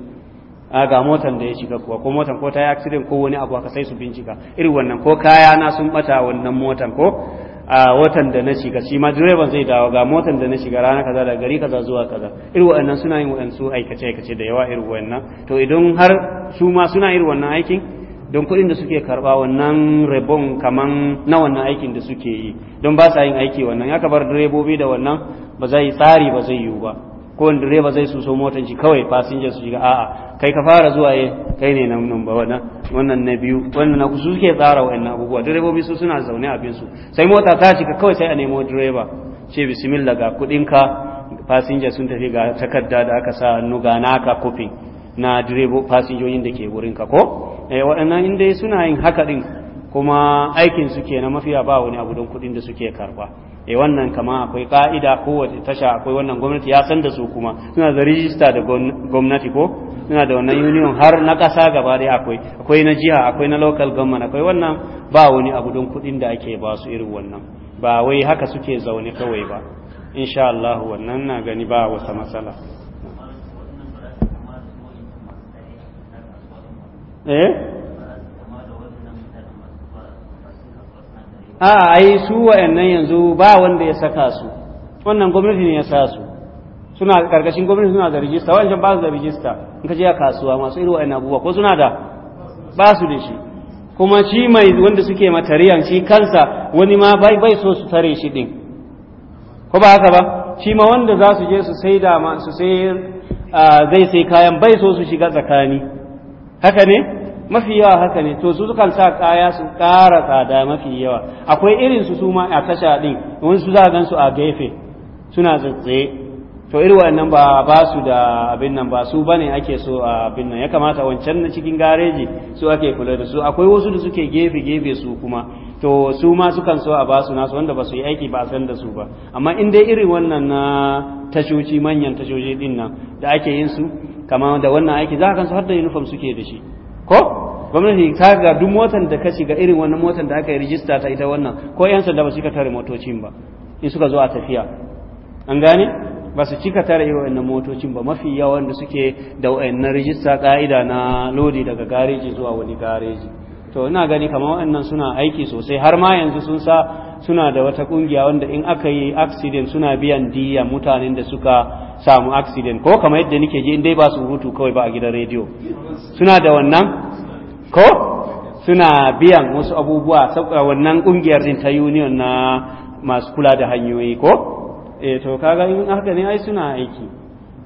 a ga motan da ya shiga kuwa ko motan ko ta yi accident ko wani abu aka sai su bincika irin wannan ko kaya na sun bata wannan motan ko a watan da na shiga shi ma direban zai dawo ga motan da na shiga rana kaza da gari kaza zuwa kaza irin wa'annan suna yin wa'ansu aikace aikace da yawa irin wa'annan to idan har su ma suna irin wannan aikin don kuɗin da suke karɓa wannan rabon kaman na wannan aikin da suke yi don ba sa yin aiki wannan ya kabar direbobi da wannan ba zai tsari ba zai yiwu ba ko direba zai su so motan shi kawai fasinja su shiga a'a kai ka fara zuwa ye eh, kai ne nan nan ba wannan na biyu wannan na su suke tsara wa'annan abubuwa direbobi su suna zaune a su sai mota ta shiga kawai sai a nemo direba ce bismillah ga kudinka ka fasinja sun tafi ga takarda da aka sa hannu ga naka kofi na direbo fasinjoyin da ke wurin ka ko eh waɗannan in dai suna yin haka din kuma aikin su na mafiya ba wani abu don kudin da suke karba e wannan kama akwai ka'ida kowace tasha akwai wannan gwamnati ya san da su kuma suna da rijista da gwamnati ko suna da wannan union har na kasa gaba dai akwai akwai na jiha akwai na local government akwai wannan ba wani abu don kuɗin da ake ba su irin wannan ba wai haka suke zaune kawai ba insha Allah wannan na gani ba wata matsala eh a ai su wa'annan yanzu ba wanda ya saka su wannan gwamnati ne ya sa su suna karkashin gwamnati suna da rijista wancan ba su da rijista in ka je a kasuwa masu irin wa'annan abubuwa ko suna da ba su da shi kuma shi mai wanda suke matariyan shi kansa wani ma bai bai so su tare shi din ko ba haka ba shi ma wanda za su je su sai da su sai zai sai kayan bai so su shiga tsakani haka ne mafi yawa haka ne to su sukan sa kaya su ƙara tsada mafi yawa akwai irin su su ma a tasha din wani su za gan su a gefe suna tsitse to irin wannan ba ba su da abin nan ba su bane ake so a abin nan ya kamata wancan na cikin gareji su ake kula da su akwai wasu da suke gefe gefe su kuma to su ma sukan so a ba su nasu wanda ba su yi aiki ba san da su ba amma in dai irin wannan na tashoci manyan tashoci din nan da ake yin su kamar da wannan aiki za ka kan su har da uniform suke da shi ko gwamnati ta ga duk motar da ka shiga irin wannan motar da aka yi rijista ta ita wannan ko yan sanda ba su cika tare motocin ba in suka zo a tafiya an gane ba su cika tare irin wannan motocin ba mafi yawan da suke da wayannan rijista ka'ida na lodi daga gareji zuwa wani gareji to ina gani kamar waɗannan suna aiki sosai har ma yanzu sun sa suna da wata kungiya wanda in aka yi accident suna biyan diya mutanen da suka samu accident ko kamar yadda nake ji in dai ba su hutu kawai ba a gidan rediyo suna da wannan ko suna biyan wasu abubuwa sauƙa wannan ƙungiyar din ta union na masu kula da hanyoyi ko e to kaga in haka ne ai suna aiki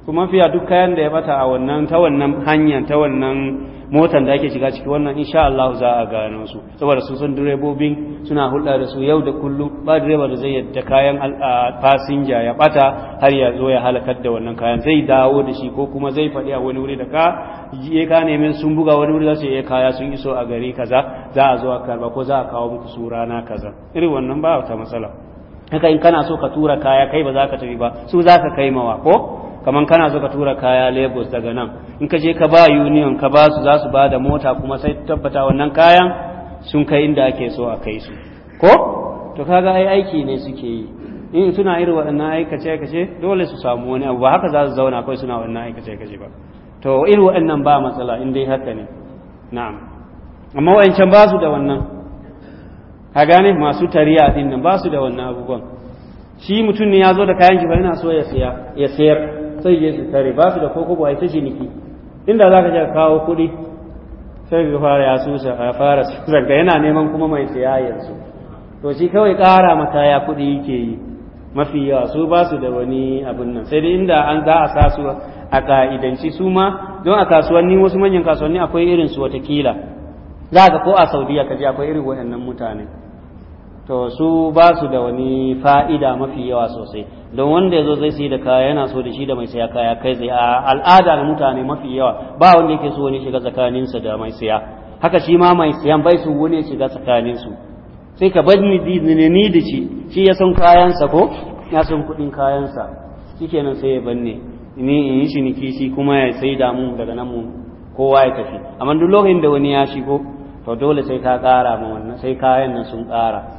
kuma fiya duk kayan da ya bata a wannan ta wannan hanyar ta wannan motan da ake shiga ciki wannan insha Allah za a gano su saboda su san direbobin suna hulɗa da su yau da kullum ba direba da zai yadda kayan fasinja ya bata har ya zo ya halakar da wannan kayan zai dawo da shi ko kuma zai faɗi a wani wuri da ka je eh, ka neme sun buga wani wuri za su iya eh, kaya sun iso a gari kaza za a zo a karba ko za a kawo muku su rana kaza irin wannan ba wata matsala haka in kana so ka tura kaya kai ba za ka tafi ba su za ka kai mawa ko kamar kana zo ka tura kaya lagos daga nan in ka je ka ba union ka ba su za su ba da mota kuma sai tabbata wannan kayan sun kai inda ake so a kai su ko to kaga ai aiki ne suke yi in suna irin waɗannan aikace aikace dole su samu wani abu ba haka za su zauna kai suna waɗannan aikace aikace ba to irin waɗannan ba matsala in dai haka ne na'am amma wa'ancan ba su da wannan ka gane masu tariya din nan ba su da wannan abubuwan shi mutum ne ya zo da kayan shi ba yana so ya sayar sai yi su tare ba su da ko yi ta ciniki inda za ka kawo kuɗi sai ka fara ya a fara zanga yana neman kuma mai tsayayensu yanzu to shi kawai ƙara mata ya kuɗi yake yi mafi yawa su ba su da wani abin nan sai dai inda an za a sa su a ka'idanci su ma don a kasuwanni wasu manyan kasuwanni akwai irin su watakila za ka ko a saudiya ka je akwai irin waɗannan mutane to su ba su da wani fa'ida mafi yawa sosai don wanda ya zo zai sai da kaya yana so da shi da mai saya kaya kai zai a al'ada na mutane mafi yawa ba wanda yake so wani shiga tsakaninsa da mai saya haka shi ma mai sayan bai su wani shiga tsakaninsu sai ka bar ni ni da shi shi ya san kayansa ko ya san kuɗin kayansa nan sai ya banne ni in yi ciniki shi kuma ya sai da mu daga nan mu kowa ya tafi amma duk lokacin da wani ya shigo to dole sai ka kara ma wannan sai kayan nan sun ƙara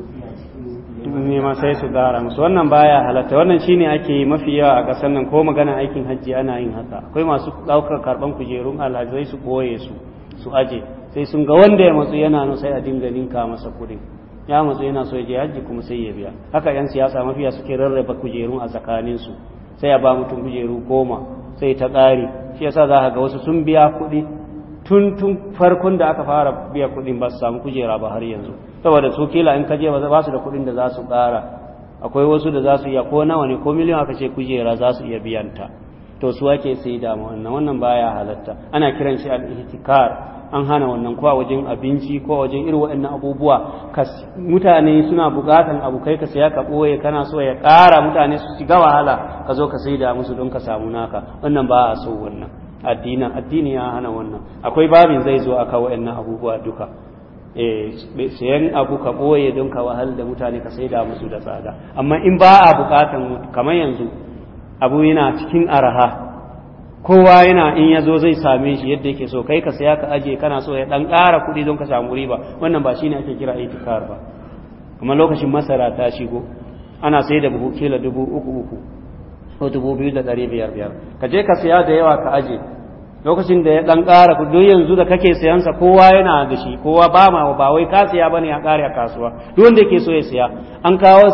neman sai su gara musu wannan baya halatta wannan shine ake yi mafi yawa a ƙasar nan ko magana aikin hajji ana yin haka akwai masu ɗaukar karɓan kujerun alhazai su ɓoye su su aje sai sun ga wanda ya matsu yana nan sai a dinga ninka masa kuɗi ya matsu yana so ya je hajji kuma sai ya biya haka yan siyasa mafiya suke rarraba kujerun a tsakanin su sai ya ba mutum kujeru goma sai ta ƙari shi yasa za ka ga wasu sun biya kuɗi tun tun farkon da aka fara biya kuɗin ba su samu kujera ba har yanzu saboda su kila in kaje ba su da kuɗin da za su ƙara akwai wasu da za su iya ko nawa ne ko miliyan aka ce kujera za su iya biyanta to su ake sai da wannan wannan baya halatta ana kiran shi al-ihtikar an hana wannan ko a wajen abinci ko wajen irin waɗannan abubuwa mutane suna buƙatan abu kai ka saya ka ɓoye kana so ya ƙara mutane su shiga wahala ka zo ka sai da musu don ka samu naka wannan ba a so wannan addinin addini ya hana wannan akwai babin zai zo aka wa'annan abubuwa duka eh, sayan abu ka boye don ka wahal da mutane ka da musu da tsada amma in ba a buƙatan kamar yanzu abu yana cikin araha kowa yana in ya zo zai same shi yadda yake so kai ka saya ka aje kana so ya dan ƙara kuɗi don ka samu riba wannan ba shine ake kira itikar ba kamar lokacin masara ta shigo ana sai da buhu kila dubu uku uku ko dubu biyu da ɗari biyar biyar ka je ka siya da yawa ka aje lokacin da ya ɗan ƙara kuɗi yanzu da kake siyansa kowa yana da shi kowa ba ma ba wai ka siya bane a ƙare a kasuwa duk wanda yake so ya siya an kawo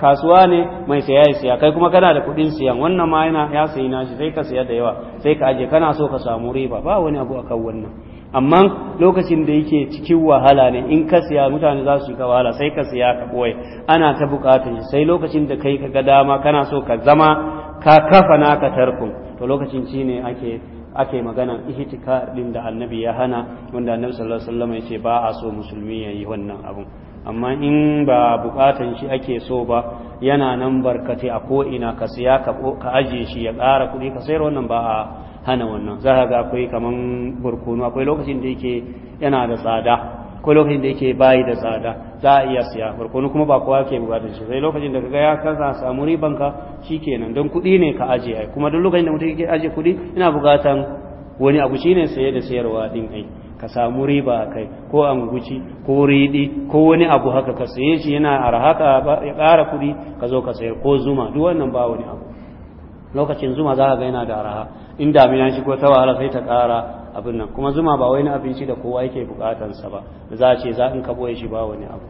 kasuwa ne mai siya ya siya kai kuma kana da kuɗin siyan wannan ma yana ya sayi nashi sai ka siya da yawa sai ka aje kana so ka samu riba ba wani abu akan wannan amma lokacin da yake cikin wahala ne in ka siya mutane za su yi wahala sai ka siya ka ɓoye ana ta buƙatar shi sai lokacin da kai ka ga dama kana so ka zama ka kafa ka tarkun to lokacin shi ne ake ake magana ihtikar din da annabi ya hana wanda annabi sallallahu alaihi wasallam yace ba a so musulmi ya yi wannan abun amma in ba bukatan shi ake so ba yana nan barkate a ko ina ka siya ka ajiye shi ya ƙara kuɗi ka sayar wannan ba a hana wannan za ga akwai kaman burkunu akwai lokacin da yake yana da tsada ko lokacin da yake bayi da tsada za a iya siya farko kuma ba kowa ke bukatar shi sai lokacin da kaga ya kaza samu riban ka shikenan don kuɗi ne ka ai kuma duk lokacin da mutum yake aje kuɗi ina bukatan wani abu shine saye da sayarwa din ai ka samu riba kai ko anguci ko ridi ko wani abu haka ka saye shi yana arhaka ya ƙara kuɗi ka zo ka sayar ko zuma duk wannan ba wani abu lokacin zuma za ka ga yana da araha in damina shi ko ta wahala sai ta ƙara abin nan kuma zuma ba wani abinci da kowa yake bukatansa ba za a ce za in ka boye shi ba wani abu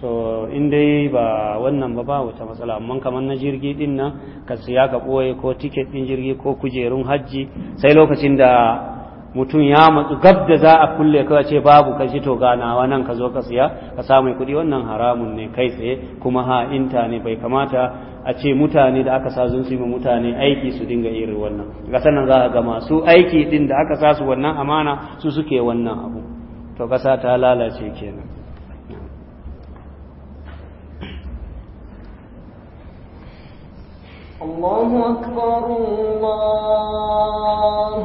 to in dai ba wannan ba ba wata matsala amma kamar na jirgi din nan ka siya ka boye ko tiket din jirgi ko kujerun hajji sai lokacin da mutum ya matsu gab da za a kulle ka ce babu ka shi to ganawa nan ka zo ka siya ka samu kuɗi wannan haramun ne kai tsaye kuma ha inta ne bai kamata a ce mutane da aka sa sun su yi mutane aiki su dinga irin wannan ga sanan za ka gama su aiki din da aka sa su wannan amana su suke wannan abu to kasa ta lalace kenan الله أكبر الله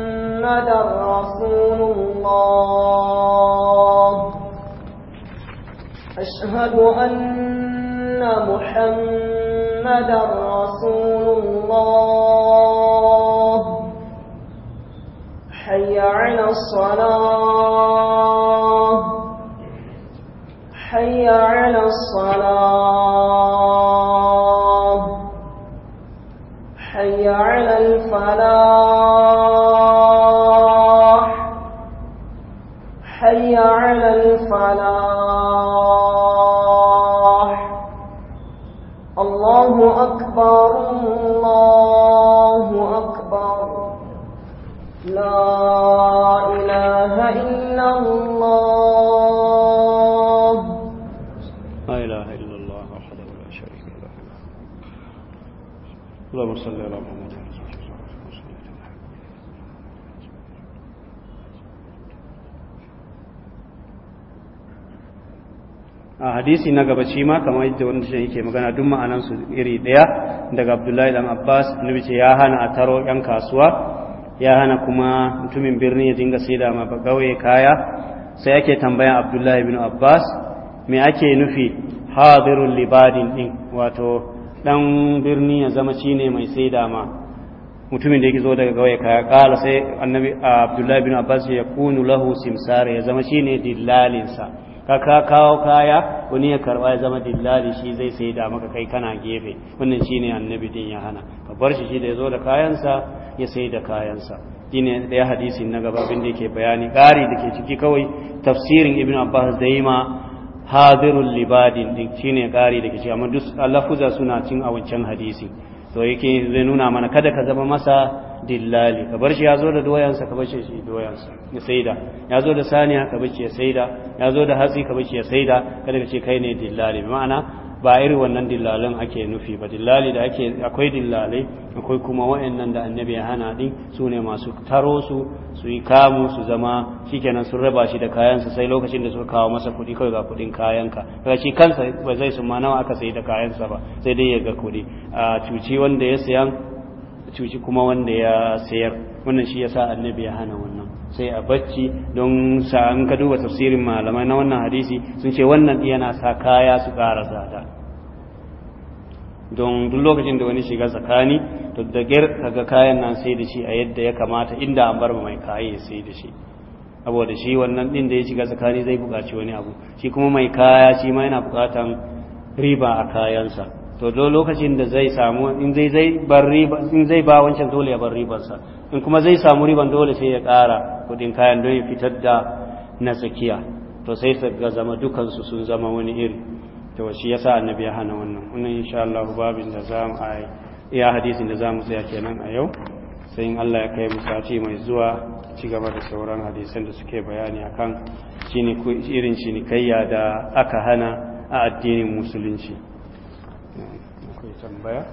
محمد رسول الله أشهد أن محمد رسول الله حي على الصلاة حي على الصلاة حي على الفلاح hadisi na gaba shi ma kamar yadda wani shi yake magana duk ma'anan su iri daya daga Abdullahi dan Abbas annabi ce ya hana a taro yan kasuwa ya hana kuma mutumin birni ya dinga saida ma bagawe kaya sai ake tambaya Abdullahi ibn Abbas me ake nufi hadirul libadin din wato dan birni ya zama shine mai saida ma mutumin da yake zo daga gawaye kaya kala sai annabi Abdullahi ibn Abbas ya kunu lahu simsar ya zama shine dillalinsa ka kawo kaya wani ya karba ya zama dillali shi zai sai da maka kai kana gefe wannan shine annabi din ya hana ka bar shi shi da yazo da kayansa ya sai da kayansa ne daya hadisi na gaba bin da yake bayani kari da ke ciki kawai tafsirin ibn abbas da hadirul libadin din shine ƙari da ke ciki amma duk lafuza suna cin a wancan hadisi to yake zai nuna mana kada ka zama masa dillali ka bar shi ya zo da doyansa ka bace shi doyansa ya saida ya zo da saniya ka bace ya saida ya zo da hatsi ka bace ya saida kada ka ce kai ne dillali ma'ana ba irin wannan dillalin ake nufi ba dillali da ake akwai dillalai akwai kuma wa'annan da annabi ya hana din su ne masu taro su su yi kamu su zama shikenan sun raba shi da kayansa sai lokacin da suka kawo masa kuɗi kawai ga kuɗin kayanka kaga shi kansa ba zai su ma nawa aka sayi da kayansa ba sai dai ya ga kuɗi a cuci wanda ya sayan cuci kuma wanda ya sayar wannan shi yasa annabi ya hana wannan sai a bacci don sa an ka duba tafsirin malamai na wannan hadisi sun ce wannan yana sa kaya su ƙara tsada don duk lokacin da wani shiga tsakani to da gir kaga kayan nan sai da shi a yadda ya kamata inda an bar mai kaya sai da shi saboda shi wannan din da ya shiga tsakani zai buƙaci wani abu shi kuma mai kaya shi ma yana buƙatan riba a kayansa to do lokacin da zai samu in zai zai bar riba in zai ba wancan dole ya bar ribansa in kuma zai samu riban dole sai ya ƙara kuɗin kayan don ya fitar da na tsakiya to sai su ga zama su sun zama wani iri to shi yasa annabi ya hana wannan wannan insha Allah babin da za mu ai iya hadisin da za mu tsaya kenan a yau sai in Allah ya kai mu sati mai zuwa ci gaba da sauran hadisan da suke bayani akan irin cinikayya da aka hana a addinin musulunci tambaya